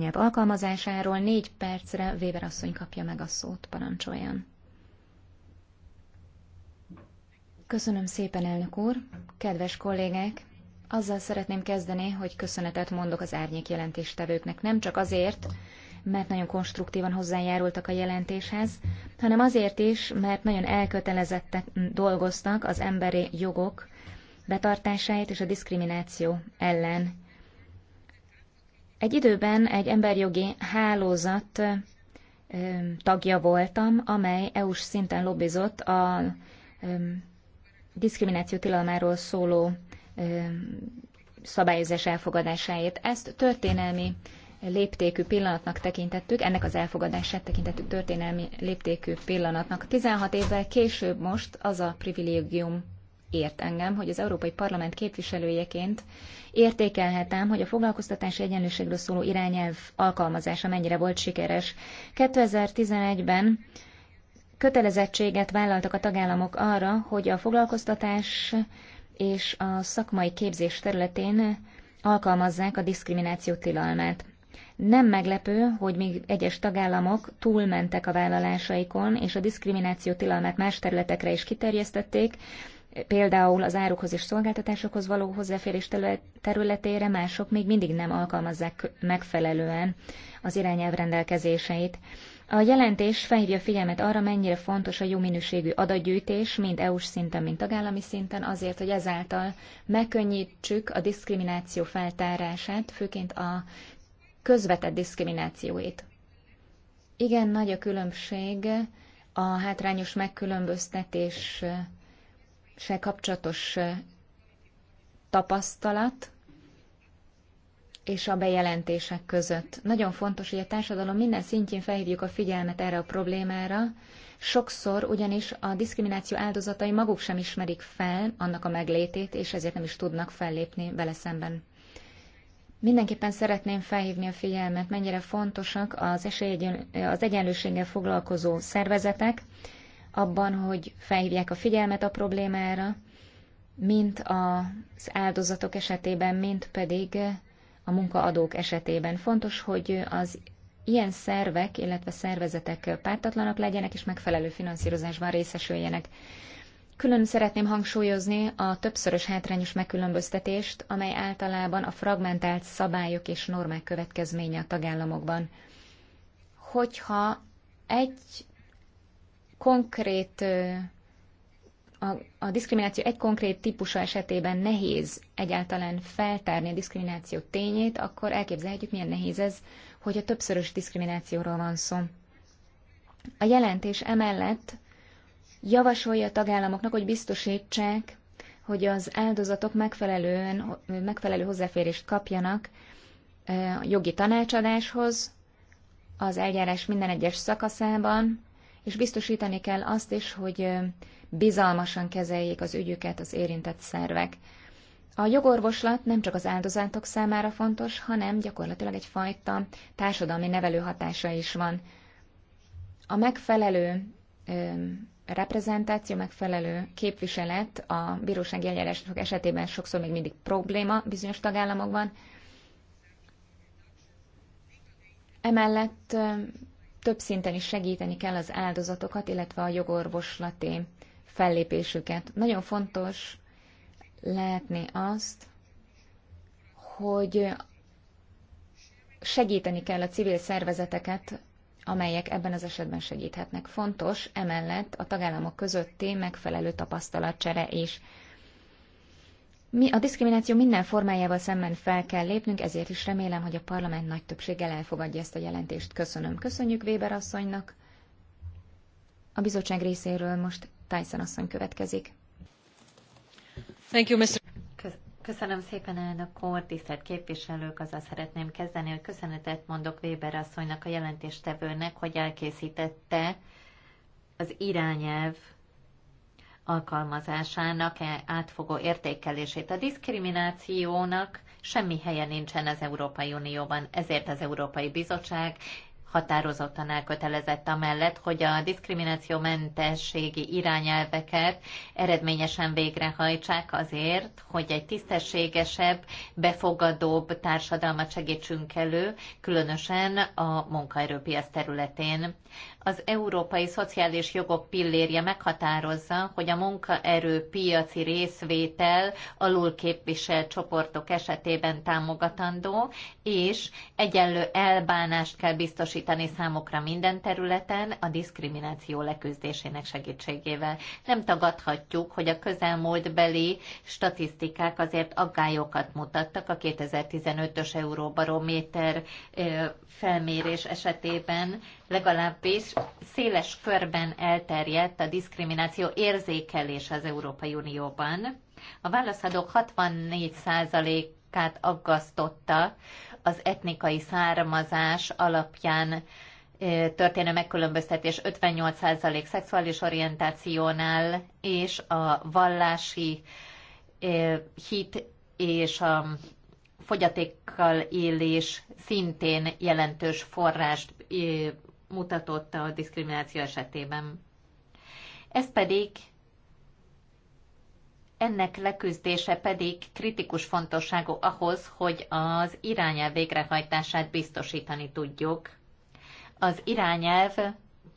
nyelv alkalmazásáról négy percre Weber asszony kapja meg a szót, parancsoljon. Köszönöm szépen, elnök úr! Kedves kollégák! Azzal szeretném kezdeni, hogy köszönetet mondok az árnyék jelentéstevőknek, nem csak azért, mert nagyon konstruktívan hozzájárultak a jelentéshez, hanem azért is, mert nagyon elkötelezettek dolgoztak az emberi jogok betartásáért és a diszkrimináció ellen egy időben egy emberjogi hálózat tagja voltam, amely EU-s szinten lobbizott a diszkrimináció tilalmáról szóló szabályozás elfogadásáért. Ezt történelmi léptékű pillanatnak tekintettük, ennek az elfogadását tekintettük történelmi léptékű pillanatnak. 16 évvel később most az a privilégium ért engem, hogy az Európai Parlament képviselőjeként értékelhetem, hogy a foglalkoztatási egyenlőségről szóló irányelv alkalmazása mennyire volt sikeres. 2011-ben kötelezettséget vállaltak a tagállamok arra, hogy a foglalkoztatás és a szakmai képzés területén alkalmazzák a diszkrimináció tilalmát. Nem meglepő, hogy még egyes tagállamok túlmentek a vállalásaikon, és a diszkrimináció tilalmát más területekre is kiterjesztették, például az árukhoz és szolgáltatásokhoz való hozzáférés területére mások még mindig nem alkalmazzák megfelelően az irányelv rendelkezéseit. A jelentés felhívja figyelmet arra, mennyire fontos a jó minőségű adatgyűjtés, mind EU-s szinten, mind tagállami szinten, azért, hogy ezáltal megkönnyítsük a diszkrimináció feltárását, főként a közvetett diszkriminációit. Igen, nagy a különbség a hátrányos megkülönböztetés se kapcsolatos eh, tapasztalat és a bejelentések között. Nagyon fontos, hogy a társadalom minden szintjén felhívjuk a figyelmet erre a problémára, Sokszor ugyanis a diszkrimináció áldozatai maguk sem ismerik fel annak a meglétét, és ezért nem is tudnak fellépni vele szemben. Mindenképpen szeretném felhívni a figyelmet, mennyire fontosak az, esély, az egyenlőséggel foglalkozó szervezetek, abban, hogy felhívják a figyelmet a problémára, mint az áldozatok esetében, mint pedig a munkaadók esetében. Fontos, hogy az ilyen szervek, illetve szervezetek pártatlanak legyenek és megfelelő finanszírozásban részesüljenek. Külön szeretném hangsúlyozni a többszörös hátrányos megkülönböztetést, amely általában a fragmentált szabályok és normák következménye a tagállamokban. Hogyha egy konkrét a, a diszkrimináció egy konkrét típusa esetében nehéz egyáltalán feltárni a diszkrimináció tényét, akkor elképzelhetjük, milyen nehéz ez, hogy a többszörös diszkriminációról van szó. A jelentés emellett javasolja a tagállamoknak, hogy biztosítsák, hogy az áldozatok megfelelően, megfelelő hozzáférést kapjanak a jogi tanácsadáshoz, az eljárás minden egyes szakaszában, és biztosítani kell azt is, hogy bizalmasan kezeljék az ügyüket az érintett szervek. A jogorvoslat nem csak az áldozatok számára fontos, hanem gyakorlatilag egyfajta társadalmi nevelő hatása is van. A megfelelő ö, reprezentáció, megfelelő képviselet a bírósági eljárások esetében sokszor még mindig probléma bizonyos tagállamokban. Emellett több szinten is segíteni kell az áldozatokat, illetve a jogorvoslati fellépésüket. Nagyon fontos látni azt, hogy segíteni kell a civil szervezeteket, amelyek ebben az esetben segíthetnek. Fontos emellett a tagállamok közötti megfelelő tapasztalatcsere is. Mi a diszkrimináció minden formájával szemben fel kell lépnünk, ezért is remélem, hogy a parlament nagy többséggel elfogadja ezt a jelentést. Köszönöm. Köszönjük Weber asszonynak. A bizottság részéről most Tyson asszony következik. Thank you, Mr. Köszönöm szépen, elnök úr, tisztelt képviselők, azzal szeretném kezdeni, hogy köszönetet mondok Weber asszonynak, a jelentéstevőnek, hogy elkészítette az irányelv alkalmazásának e átfogó értékelését. A diszkriminációnak semmi helye nincsen az Európai Unióban, ezért az Európai Bizottság határozottan elkötelezett amellett, hogy a diszkriminációmentességi irányelveket eredményesen végrehajtsák azért, hogy egy tisztességesebb, befogadóbb társadalmat segítsünk elő, különösen a munkaerőpiac területén. Az európai szociális jogok pillérje meghatározza, hogy a munkaerőpiaci részvétel részvétel alulképviselt csoportok esetében támogatandó, és egyenlő elbánást kell biztosítani biztosítani számokra minden területen a diszkrimináció leküzdésének segítségével. Nem tagadhatjuk, hogy a közelmúltbeli statisztikák azért aggályokat mutattak a 2015-ös Euróbarométer felmérés esetében, legalábbis széles körben elterjedt a diszkrimináció érzékelés az Európai Unióban. A válaszadók 64%-át aggasztotta az etnikai származás alapján történő megkülönböztetés 58% szexuális orientációnál, és a vallási hit és a fogyatékkal élés szintén jelentős forrást mutatott a diszkrimináció esetében. Ez pedig ennek leküzdése pedig kritikus fontosságú ahhoz, hogy az irányelv végrehajtását biztosítani tudjuk. Az irányelv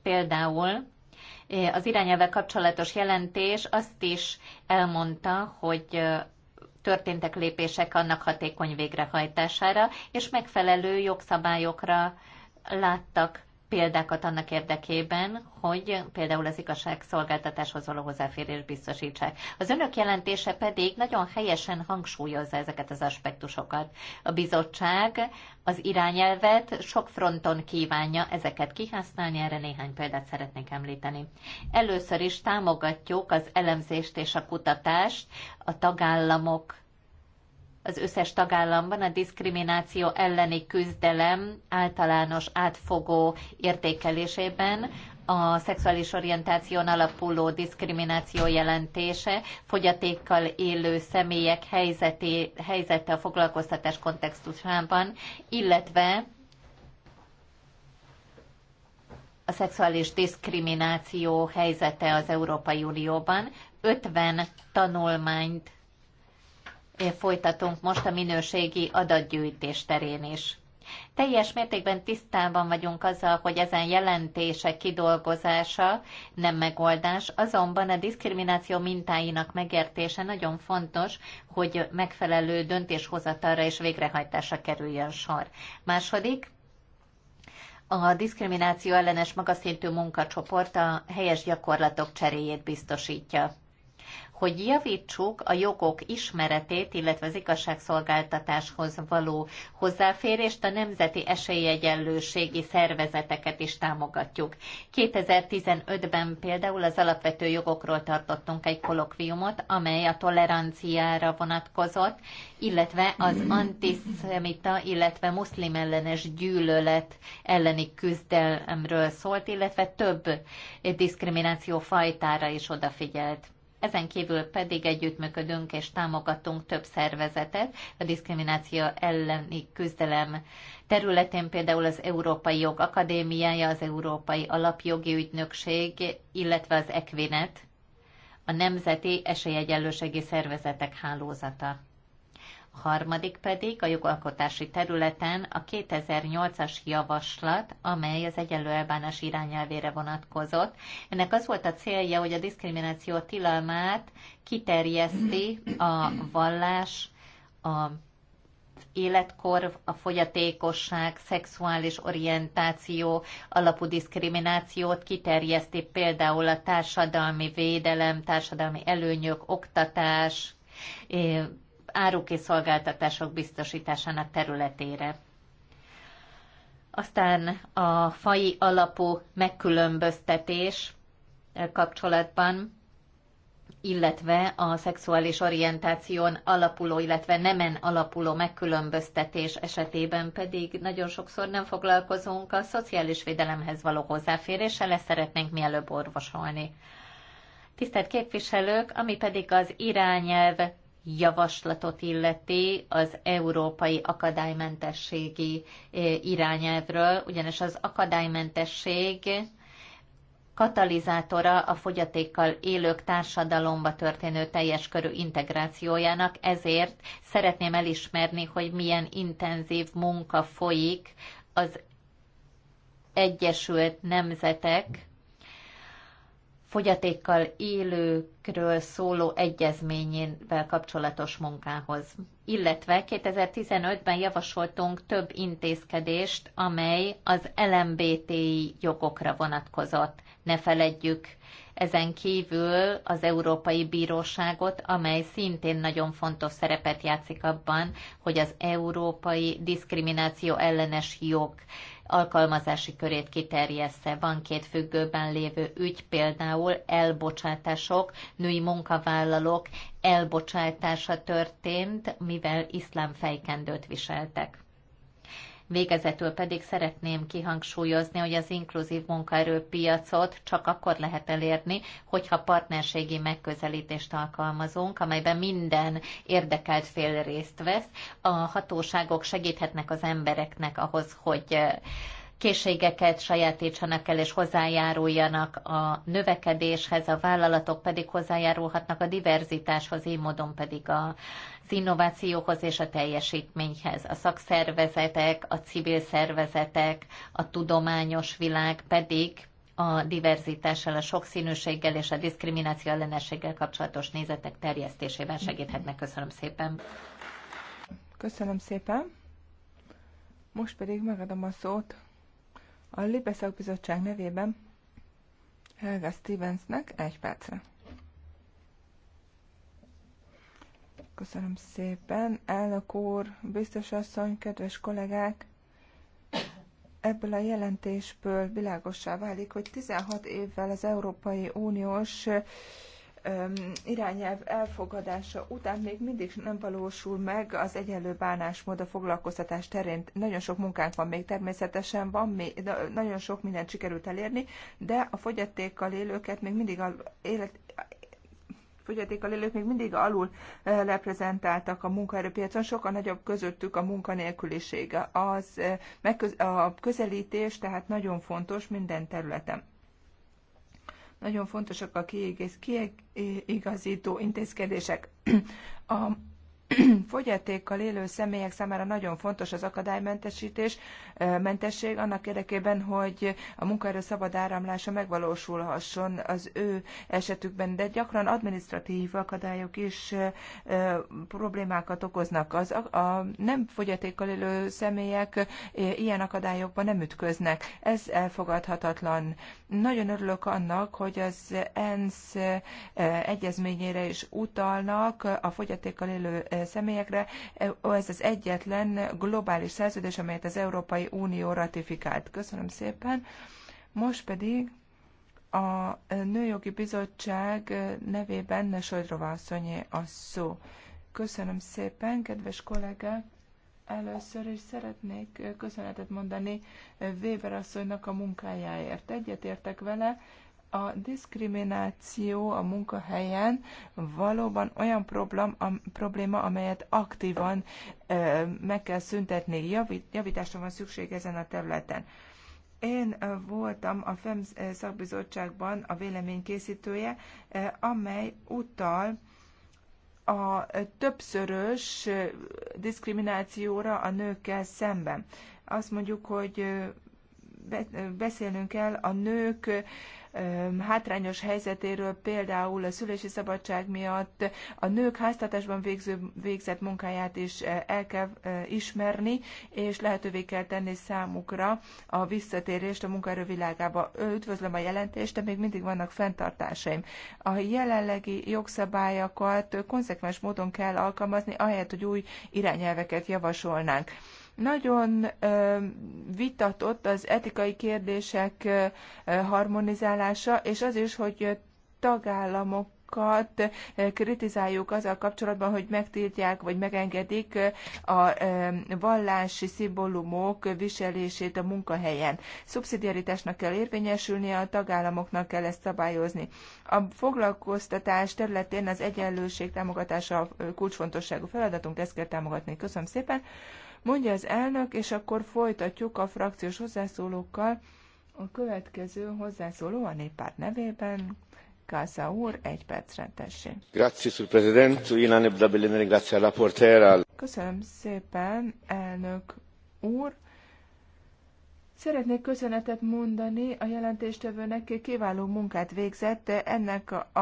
például eh, az irányelve kapcsolatos jelentés azt is elmondta, hogy eh, történtek lépések annak hatékony végrehajtására, és megfelelő jogszabályokra láttak példákat annak érdekében, hogy például az igazságszolgáltatáshoz való hozzáférés biztosítsák. Az önök jelentése pedig nagyon helyesen hangsúlyozza ezeket az aspektusokat. A bizottság az irányelvet sok fronton kívánja ezeket kihasználni, erre néhány példát szeretnék említeni. Először is támogatjuk az elemzést és a kutatást a tagállamok az összes tagállamban a diszkrimináció elleni küzdelem általános átfogó értékelésében a szexuális orientáción alapuló diszkrimináció jelentése, fogyatékkal élő személyek helyzeti, helyzete a foglalkoztatás kontextusában, illetve a szexuális diszkrimináció helyzete az Európai Unióban. 50 tanulmányt folytatunk most a minőségi adatgyűjtés terén is. Teljes mértékben tisztában vagyunk azzal, hogy ezen jelentések kidolgozása nem megoldás, azonban a diszkrimináció mintáinak megértése nagyon fontos, hogy megfelelő döntéshozatalra és végrehajtásra kerüljön sor. Második, a diszkrimináció ellenes magaszintű munkacsoport a helyes gyakorlatok cseréjét biztosítja hogy javítsuk a jogok ismeretét, illetve az igazságszolgáltatáshoz való hozzáférést, a nemzeti esélyegyenlőségi szervezeteket is támogatjuk. 2015-ben például az alapvető jogokról tartottunk egy kolokviumot, amely a toleranciára vonatkozott, illetve az antiszemita, illetve muszlim ellenes gyűlölet elleni küzdelemről szólt, illetve több diszkrimináció fajtára is odafigyelt ezen kívül pedig együttműködünk és támogatunk több szervezetet a diszkrimináció elleni küzdelem területén, például az Európai Jog Akadémiája, az Európai Alapjogi Ügynökség, illetve az Equinet, a Nemzeti Esélyegyenlőségi Szervezetek Hálózata harmadik pedig a jogalkotási területen a 2008-as javaslat, amely az egyenlő elbánás irányelvére vonatkozott. Ennek az volt a célja, hogy a diszkrimináció tilalmát kiterjeszti a vallás, a életkor, a fogyatékosság, szexuális orientáció alapú diszkriminációt kiterjeszti például a társadalmi védelem, társadalmi előnyök, oktatás, árukiszolgáltatások biztosításának területére. Aztán a fai alapú megkülönböztetés e, kapcsolatban, illetve a szexuális orientáción alapuló, illetve nemen alapuló megkülönböztetés esetében pedig nagyon sokszor nem foglalkozunk a szociális védelemhez való hozzáféréssel, ezt szeretnénk mielőbb orvosolni. Tisztelt képviselők, ami pedig az irányelv javaslatot illeti az európai akadálymentességi irányelvről, ugyanis az akadálymentesség katalizátora a fogyatékkal élők társadalomba történő teljes körű integrációjának, ezért szeretném elismerni, hogy milyen intenzív munka folyik az Egyesült Nemzetek fogyatékkal élőkről szóló egyezményével kapcsolatos munkához. Illetve 2015-ben javasoltunk több intézkedést, amely az LMBTI jogokra vonatkozott. Ne feledjük ezen kívül az Európai Bíróságot, amely szintén nagyon fontos szerepet játszik abban, hogy az európai diszkrimináció ellenes jog alkalmazási körét kiterjeszte. Van két függőben lévő ügy, például elbocsátások, női munkavállalók elbocsátása történt, mivel iszlám fejkendőt viseltek. Végezetül pedig szeretném kihangsúlyozni, hogy az inkluzív munkaerőpiacot csak akkor lehet elérni, hogyha partnerségi megközelítést alkalmazunk, amelyben minden érdekelt fél részt vesz. A hatóságok segíthetnek az embereknek ahhoz, hogy készségeket sajátítsanak el és hozzájáruljanak a növekedéshez, a vállalatok pedig hozzájárulhatnak a diverzitáshoz, így módon pedig a az innovációhoz és a teljesítményhez. A szakszervezetek, a civil szervezetek, a tudományos világ pedig a diverzitással, a sokszínűséggel és a diszkrimináció ellenességgel kapcsolatos nézetek terjesztésében segíthetnek. Köszönöm szépen. Köszönöm szépen. Most pedig megadom a szót a Libe Szakbizottság nevében Helga Stevensnek egy percre. Köszönöm szépen. Elnök úr, biztos asszony, kedves kollégák! Ebből a jelentésből világossá válik, hogy 16 évvel az Európai Uniós irányelv elfogadása után még mindig nem valósul meg az egyenlő bánásmód a foglalkoztatás terén. Nagyon sok munkánk van még, természetesen van, még, nagyon sok mindent sikerült elérni, de a fogyatékkal élőket még mindig a élet, fogyatékkal élők még mindig alul reprezentáltak a munkaerőpiacon, sokkal nagyobb közöttük a munkanélküliség. Az, a közelítés tehát nagyon fontos minden területen. Nagyon fontosak a kiegészítő intézkedések. A fogyatékkal élő személyek számára nagyon fontos az akadálymentesítés, mentesség annak érdekében, hogy a munkaerő szabad áramlása megvalósulhasson az ő esetükben, de gyakran administratív akadályok is problémákat okoznak. Az a nem fogyatékkal élő személyek ilyen akadályokban nem ütköznek. Ez elfogadhatatlan. Nagyon örülök annak, hogy az ENSZ egyezményére is utalnak a fogyatékkal élő személyekre. Ez az egyetlen globális szerződés, amelyet az Európai Unió ratifikált. Köszönöm szépen. Most pedig a Nőjogi Bizottság nevében ne asszonyé a szó. Köszönöm szépen, kedves kollega. Először is szeretnék köszönetet mondani Weber asszonynak a munkájáért. Egyetértek vele, a diszkrimináció a munkahelyen valóban olyan problém, a, probléma, amelyet aktívan ö, meg kell szüntetni. Javít, javításra van szükség ezen a területen. Én voltam a FEM szakbizottságban a vélemény készítője, amely utal a többszörös diszkriminációra a nőkkel szemben. Azt mondjuk, hogy beszélnünk kell a nők hátrányos helyzetéről, például a szülési szabadság miatt a nők háztartásban végző, végzett munkáját is el kell ismerni, és lehetővé kell tenni számukra a visszatérést a munkaerő világába. Üdvözlöm a jelentést, de még mindig vannak fenntartásaim. A jelenlegi jogszabályokat konzekvens módon kell alkalmazni, ahelyett, hogy új irányelveket javasolnánk. Nagyon vitatott az etikai kérdések harmonizálása, és az is, hogy tagállamok kritizáljuk azzal kapcsolatban, hogy megtiltják vagy megengedik a vallási szimbólumok viselését a munkahelyen. Szubszidiaritásnak kell érvényesülnie, a tagállamoknak kell ezt szabályozni. A foglalkoztatás területén az egyenlőség támogatása kulcsfontosságú feladatunk, ezt kell támogatni. Köszönöm szépen mondja az elnök, és akkor folytatjuk a frakciós hozzászólókkal. A következő hozzászóló a néppárt nevében, Kásza úr, egy percre tessék. Grazie, sul president, Köszönöm szépen, elnök úr. Szeretnék köszönetet mondani a jelentéstevőnek, kiváló munkát végzett. Ennek a,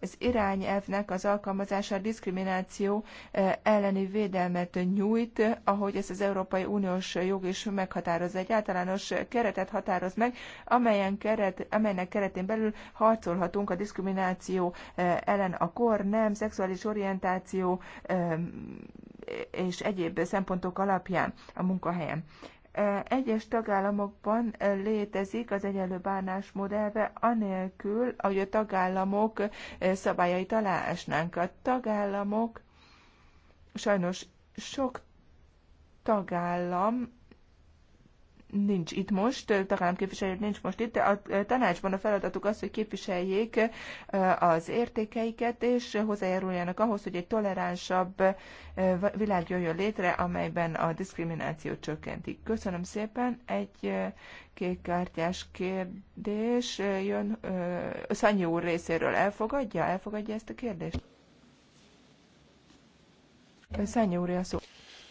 az irányelvnek az alkalmazása a diszkrimináció e, elleni védelmet nyújt, ahogy ez az Európai Uniós jog is meghatározza. Egy általános keretet határoz meg, amelyen keret, amelynek keretén belül harcolhatunk a diszkrimináció e, ellen a kor, nem, szexuális orientáció e, és egyéb szempontok alapján a munkahelyen. Egyes tagállamokban létezik az egyenlő bánásmód elve, anélkül, hogy a tagállamok szabályait találásnánk. A tagállamok sajnos sok tagállam nincs itt most, tagállam képviselő nincs most itt, de a tanácsban a feladatuk az, hogy képviseljék az értékeiket, és hozzájáruljanak ahhoz, hogy egy toleránsabb világ jöjjön létre, amelyben a diszkrimináció csökkentik. Köszönöm szépen. Egy kékkártyás kérdés jön Szanyi úr részéről. Elfogadja? Elfogadja ezt a kérdést? Szanyi úr, a szó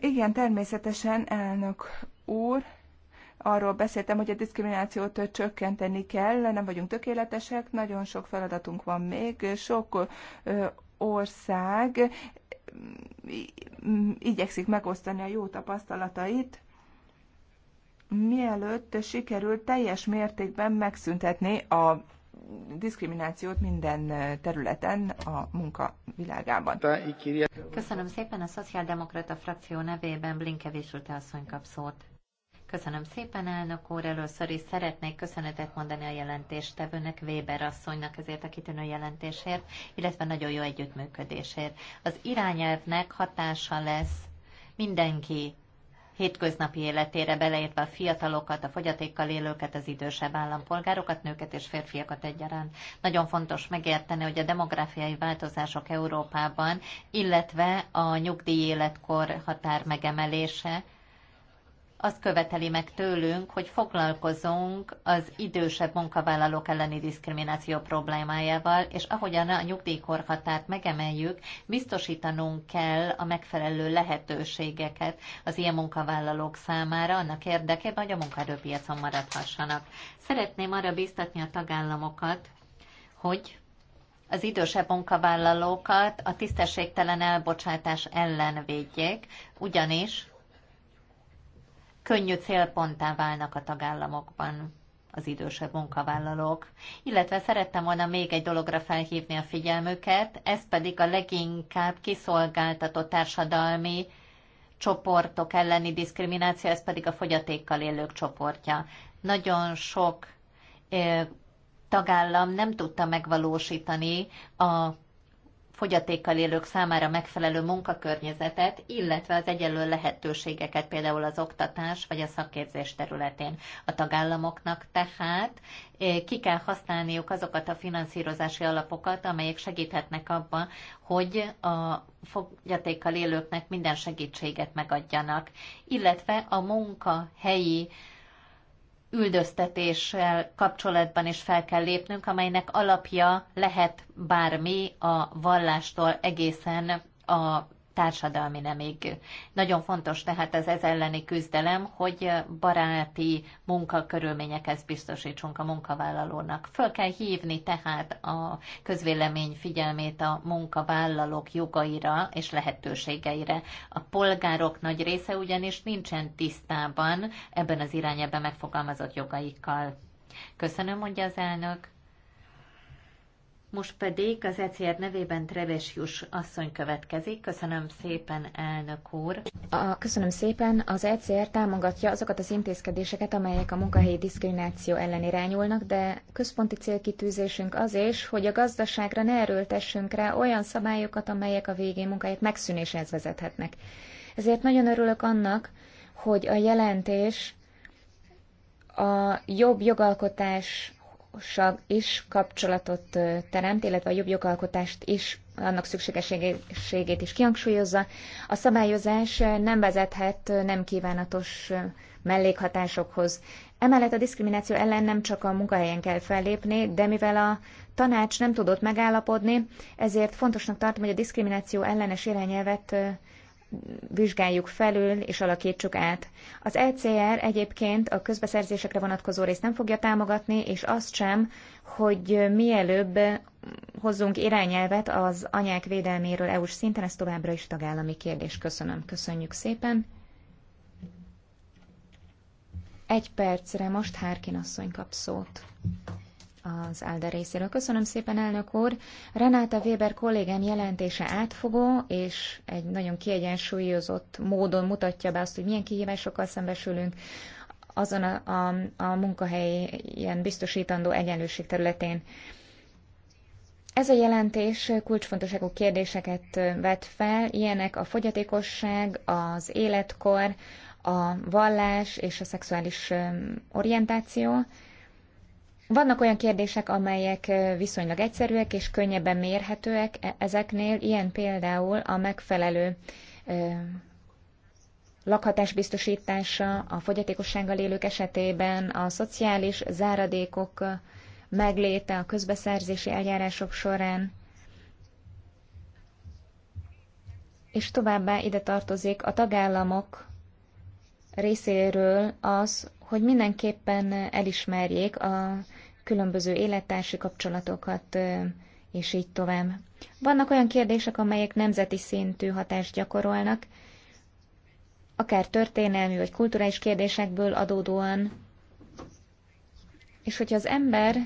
Igen, természetesen, elnök úr, arról beszéltem, hogy a diszkriminációt csökkenteni kell, nem vagyunk tökéletesek, nagyon sok feladatunk van még, sok ország igyekszik megosztani a jó tapasztalatait, mielőtt sikerül teljes mértékben megszüntetni a diszkriminációt minden területen a munka világában. Köszönöm szépen a Szociáldemokrata frakció nevében Blinkevés úr, asszony kap szót. Köszönöm szépen, elnök úr. Először is szeretnék köszönetet mondani a jelentéstevőnek, Weber asszonynak ezért a kitűnő jelentésért, illetve nagyon jó együttműködésért. Az irányelvnek hatása lesz mindenki hétköznapi életére, beleértve a fiatalokat, a fogyatékkal élőket, az idősebb állampolgárokat, nőket és férfiakat egyaránt. Nagyon fontos megérteni, hogy a demográfiai változások Európában, illetve a nyugdíj életkor határ megemelése, azt követeli meg tőlünk, hogy foglalkozunk az idősebb munkavállalók elleni diszkrimináció problémájával, és ahogyan a nyugdíjkorhatárt megemeljük, biztosítanunk kell a megfelelő lehetőségeket az ilyen munkavállalók számára, annak érdekében, hogy a munkaerőpiacon maradhassanak. Szeretném arra biztatni a tagállamokat, hogy az idősebb munkavállalókat a tisztességtelen elbocsátás ellen védjék, ugyanis könnyű célponttá válnak a tagállamokban az idősebb munkavállalók. Illetve szerettem volna még egy dologra felhívni a figyelmüket, ez pedig a leginkább kiszolgáltatott társadalmi csoportok elleni diszkrimináció, ez pedig a fogyatékkal élők csoportja. Nagyon sok eh, tagállam nem tudta megvalósítani a fogyatékkal élők számára megfelelő munkakörnyezetet, illetve az egyenlő lehetőségeket például az oktatás vagy a szakképzés területén. A tagállamoknak tehát eh, ki kell használniuk azokat a finanszírozási alapokat, amelyek segíthetnek abban, hogy a fogyatékkal élőknek minden segítséget megadjanak, illetve a munkahelyi helyi üldöztetéssel kapcsolatban is fel kell lépnünk, amelynek alapja lehet bármi a vallástól egészen a társadalmi nemig. Nagyon fontos tehát az ez elleni küzdelem, hogy baráti munkakörülményekhez biztosítsunk a munkavállalónak. Föl kell hívni tehát a közvélemény figyelmét a munkavállalók jogaira és lehetőségeire. A polgárok nagy része ugyanis nincsen tisztában ebben az irányában megfogalmazott jogaikkal. Köszönöm, mondja az elnök. Most pedig az ECR nevében Trevesius asszony következik. Köszönöm szépen, elnök úr. A, köszönöm szépen. Az ECR támogatja azokat az intézkedéseket, amelyek a munkahelyi diszkrimináció ellen irányulnak, de központi célkitűzésünk az is, hogy a gazdaságra ne erőltessünk rá olyan szabályokat, amelyek a végén munkájuk megszűnéshez vezethetnek. Ezért nagyon örülök annak, hogy a jelentés a jobb jogalkotás is kapcsolatot teremt, illetve a jobb jogalkotást is, annak szükségességét is kihangsúlyozza. A szabályozás nem vezethet nem kívánatos mellékhatásokhoz. Emellett a diszkrimináció ellen nem csak a munkahelyen kell fellépni, de mivel a tanács nem tudott megállapodni, ezért fontosnak tartom, hogy a diszkrimináció ellenes irányelvet vizsgáljuk felül és alakítsuk át. Az ECR egyébként a közbeszerzésekre vonatkozó részt nem fogja támogatni, és azt sem, hogy mielőbb hozzunk irányelvet az anyák védelméről EU-s szinten, ez továbbra is tagállami kérdés. Köszönöm. Köszönjük szépen. Egy percre most Hárkin asszony kap szót az Álda részéről. Köszönöm szépen, elnök úr! Renáta Weber kollégám jelentése átfogó, és egy nagyon kiegyensúlyozott módon mutatja be azt, hogy milyen kihívásokkal szembesülünk azon a, a, a ilyen biztosítandó egyenlőség területén. Ez a jelentés kulcsfontosságú kérdéseket vet fel, ilyenek a fogyatékosság, az életkor, a vallás és a szexuális orientáció. Vannak olyan kérdések, amelyek viszonylag egyszerűek és könnyebben mérhetőek e-, ezeknél, ilyen például a megfelelő lakhatás biztosítása a fogyatékossággal élők esetében, a szociális záradékok megléte a közbeszerzési eljárások során, és továbbá ide tartozik a tagállamok részéről az, hogy mindenképpen elismerjék a különböző élettársi kapcsolatokat, és így tovább. Vannak olyan kérdések, amelyek nemzeti szintű hatást gyakorolnak, akár történelmi vagy kulturális kérdésekből adódóan. És hogyha az ember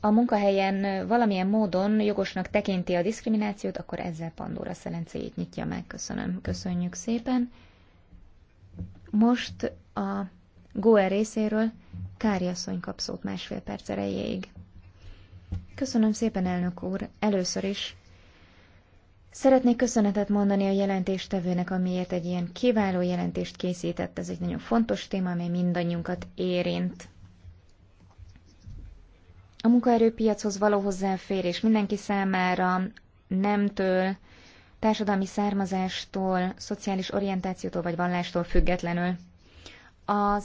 a munkahelyen valamilyen módon jogosnak tekinti a diszkriminációt, akkor ezzel Pandora szelencéjét nyitja meg. Köszönöm. Köszönjük szépen. Most a Goer részéről Kári asszony kap szót másfél perc erejéig. Köszönöm szépen, elnök úr. Először is Szeretnék köszönetet mondani a jelentéstevőnek, amiért egy ilyen kiváló jelentést készített. Ez egy nagyon fontos téma, amely mindannyiunkat érint. A munkaerőpiachoz való hozzáférés mindenki számára nemtől, társadalmi származástól, szociális orientációtól vagy vallástól függetlenül. Az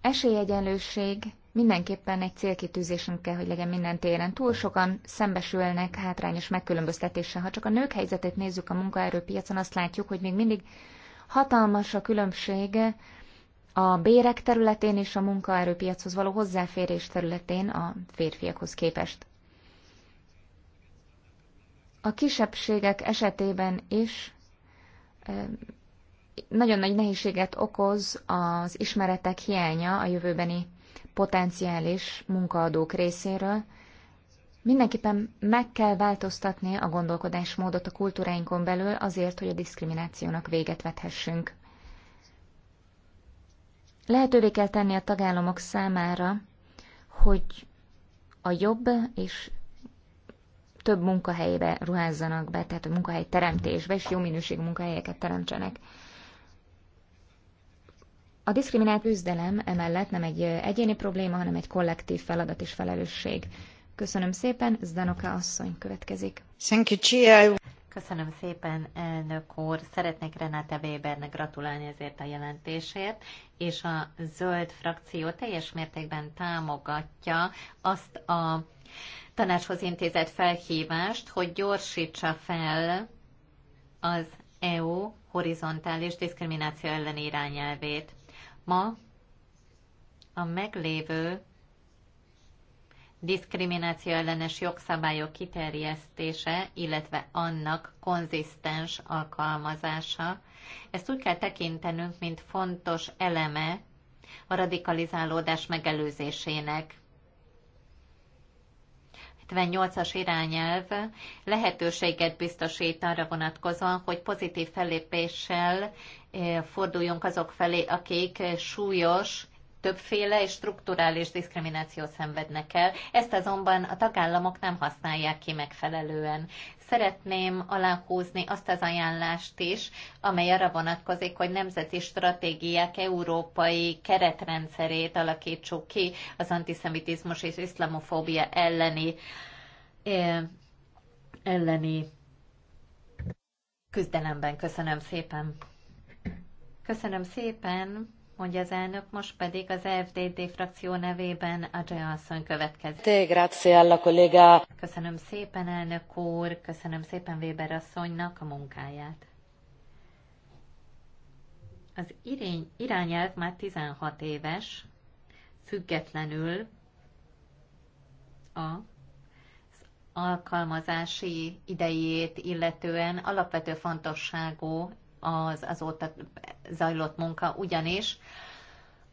esélyegyenlőség mindenképpen egy célkitűzésünk kell, hogy legyen minden téren. Túl sokan szembesülnek hátrányos megkülönböztetéssel. Ha csak a nők helyzetét nézzük a munkaerőpiacon, azt látjuk, hogy még mindig hatalmas a különbség a bérek területén és a munkaerőpiachoz való hozzáférés területén a férfiakhoz képest. A kisebbségek esetében is nagyon nagy nehézséget okoz az ismeretek hiánya a jövőbeni potenciális munkaadók részéről. Mindenképpen meg kell változtatni a gondolkodásmódot a kultúráinkon belül azért, hogy a diszkriminációnak véget vethessünk. Lehetővé kell tenni a tagállamok számára, hogy a jobb és több munkahelybe ruházzanak be, tehát a munkahely teremtésbe, és jó minőségű munkahelyeket teremtsenek. A diszkriminált üzdelem, emellett nem egy egyéni probléma, hanem egy kollektív feladat és felelősség. Köszönöm szépen, Zdanoka asszony következik. Thank you, Köszönöm szépen, elnök úr. Szeretnék Renáta Webernek gratulálni ezért a jelentésért, és a zöld frakció teljes mértékben támogatja azt a tanácshoz intézett felhívást, hogy gyorsítsa fel az EU horizontális diszkrimináció elleni irányelvét. Ma a meglévő diszkrimináció ellenes jogszabályok kiterjesztése, illetve annak konzisztens alkalmazása. Ezt úgy kell tekintenünk, mint fontos eleme a radikalizálódás megelőzésének. 78-as irányelv lehetőséget biztosít arra vonatkozóan, hogy pozitív fellépéssel eh, forduljunk azok felé, akik súlyos többféle és strukturális diszkrimináció szenvednek el, ezt azonban a tagállamok nem használják ki megfelelően. Szeretném aláhúzni azt az ajánlást is, amely arra vonatkozik, hogy nemzeti stratégiák európai keretrendszerét alakítsuk ki az antiszemitizmus és iszlamofóbia elleni e, elleni küzdelemben. Köszönöm szépen! Köszönöm szépen! mondja az elnök, most pedig az FDD frakció nevében a asszony következik. Te, grazie alla collega. Köszönöm szépen, elnök úr, köszönöm szépen Weber asszonynak a munkáját. Az irény, irányelv már 16 éves, függetlenül a alkalmazási idejét illetően alapvető fontosságú az azóta zajlott munka, ugyanis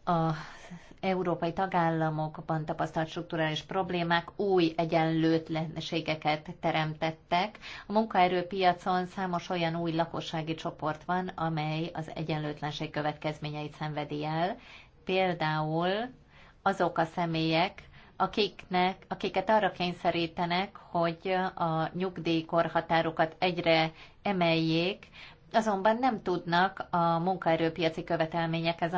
a európai tagállamokban tapasztalt strukturális problémák új egyenlőtlenségeket teremtettek. A munkaerőpiacon számos olyan új lakossági csoport van, amely az egyenlőtlenség következményeit szenvedi el. Például azok a személyek, akiknek, akiket arra kényszerítenek, hogy a nyugdíjkorhatárokat egyre emeljék, azonban nem tudnak a munkaerőpiaci követelményekhez